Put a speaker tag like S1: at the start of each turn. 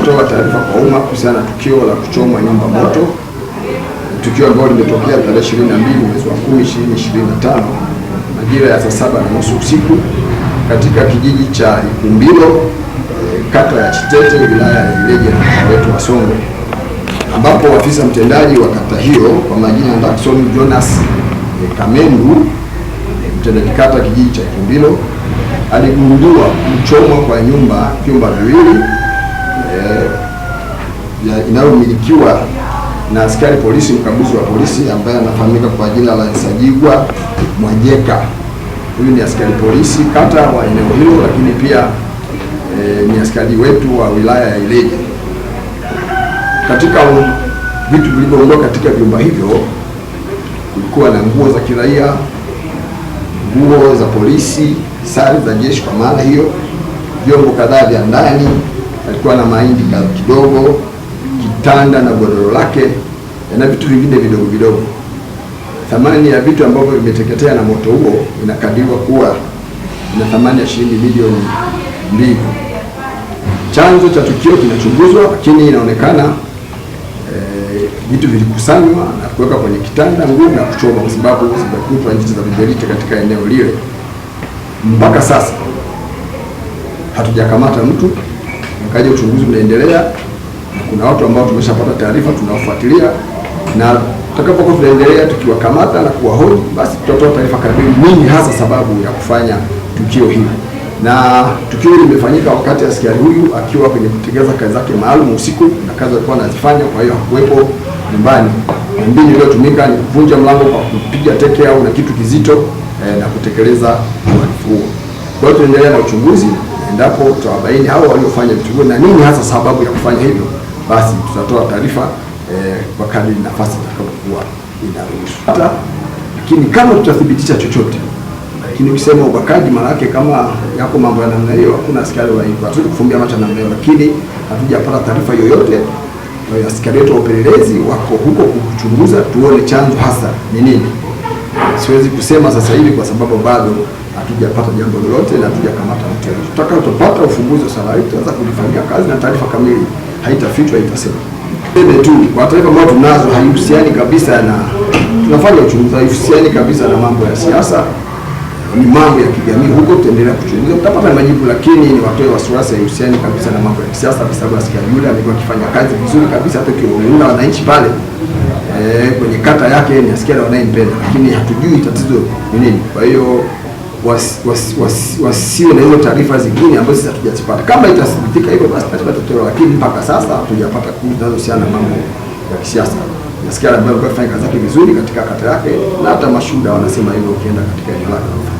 S1: kutoa taarifa kwa umma kuhusiana na tukio la kuchomwa nyumba moto, tukio ambalo limetokea tarehe 22 mwezi wa 10 2025 majira ya saa saba na nusu usiku katika kijiji cha Ikumbilo eh, kata ya Chitete wilaya ya Ileje na wetu wa Songwe, ambapo afisa mtendaji wa kata hiyo kwa majina Jackson Jonas eh, Kamendu, eh, mtendaji kata kijiji cha Ikumbilo, aligundua mchomo kwa nyumba vyumba viwili inayomilikiwa na askari polisi mkaguzi wa polisi ambaye anafahamika kwa jina la Nsajigwa Mwajeka. Huyu ni askari polisi kata wa eneo hilo, lakini pia e, ni askari wetu wa wilaya ya Ileje. Katika um, vitu vilivyoondoka katika vyumba hivyo kulikuwa na nguo za kiraia, nguo za polisi, sare za jeshi kwa maana hiyo, vyombo kadhaa vya ndani, alikuwa na mahindi kidogo kitanda na godoro lake na vitu vingine vidogo vidogo. Thamani ya vitu ambavyo vimeteketea na moto huo inakadiriwa kuwa na thamani ya shilingi milioni mbili. Chanzo cha tukio kinachunguzwa, lakini inaonekana eh, vitu e, vilikusanywa na kuweka kwenye kitanda, nguo na kuchoma, kwa sababu zimekutwa nchi za viberiti katika eneo lile. Mpaka sasa hatujakamata mtu, ingawa uchunguzi unaendelea. Kuna watu ambao tumeshapata taarifa, tunawafuatilia na tutakapokuwa tunaendelea tukiwakamata na kuwahoji, basi tutatoa taarifa kamili, nini hasa sababu ya kufanya tukio hili. Na tukio limefanyika wakati askari huyu akiwa kwenye kutekeleza kazi zake maalum usiku, na kazi alikuwa anazifanya, kwa hiyo hakuwepo nyumbani. Mbinu iliyotumika ni kuvunja mlango kwa kupiga teke au na kitu kizito eh, na kutekeleza uhalifu huo. Kwa hiyo tunaendelea na uchunguzi, endapo tutawabaini hao waliofanya vitu hivyo na nini hasa sababu ya kufanya hivyo basi tutatoa taarifa eh, kwa kadri nafasi itakayokuwa inaruhusu hata. Lakini kama tutathibitisha chochote, lakini ukisema ubakaji, maana yake kama yako mambo ya namna hiyo, hakuna askari wa hivyo, hatuwezi kufumbia macho namna hiyo, lakini hatujapata taarifa yoyote. Askari wetu wa upelelezi wako huko kuchunguza, tuone chanzo hasa ni nini. Siwezi kusema sasa hivi kwa sababu bado hatujapata jambo lolote na hatujakamata mtu. Tutakapopata ufumbuzi wa swala hili tutaweza kulifanyia kazi na taarifa kamili haitafichwa, itasema ile tu. Kwa taarifa ambayo tunazo haihusiani kabisa na tunafanya uchunguzi, haihusiani kabisa na mambo ya siasa, ni mambo ya kijamii. Huko tutaendelea kuchunguza, tutapata majibu, lakini ni watoe wasiwasi, haihusiani kabisa na mambo ya kisiasa, kwa sababu nasikia yule amekuwa akifanya kazi vizuri kabisa, hata kiwaunga wananchi pale e, kwenye kata yake, ni asikia na wanayempenda, lakini hatujui tatizo ni nini, kwa hiyo wasiwe was, was, was na hizo taarifa zingine ambazo sisi hatujazipata. Kama itathibitika hivyo basi katika tokeo, lakini mpaka sasa hatujapata kumi zinazohusiana na mambo ya kisiasa. Nasikia ambayo kufanya kazi yake vizuri katika kata yake, na hata mashuhuda wanasema hivyo, ukienda katika eneo lake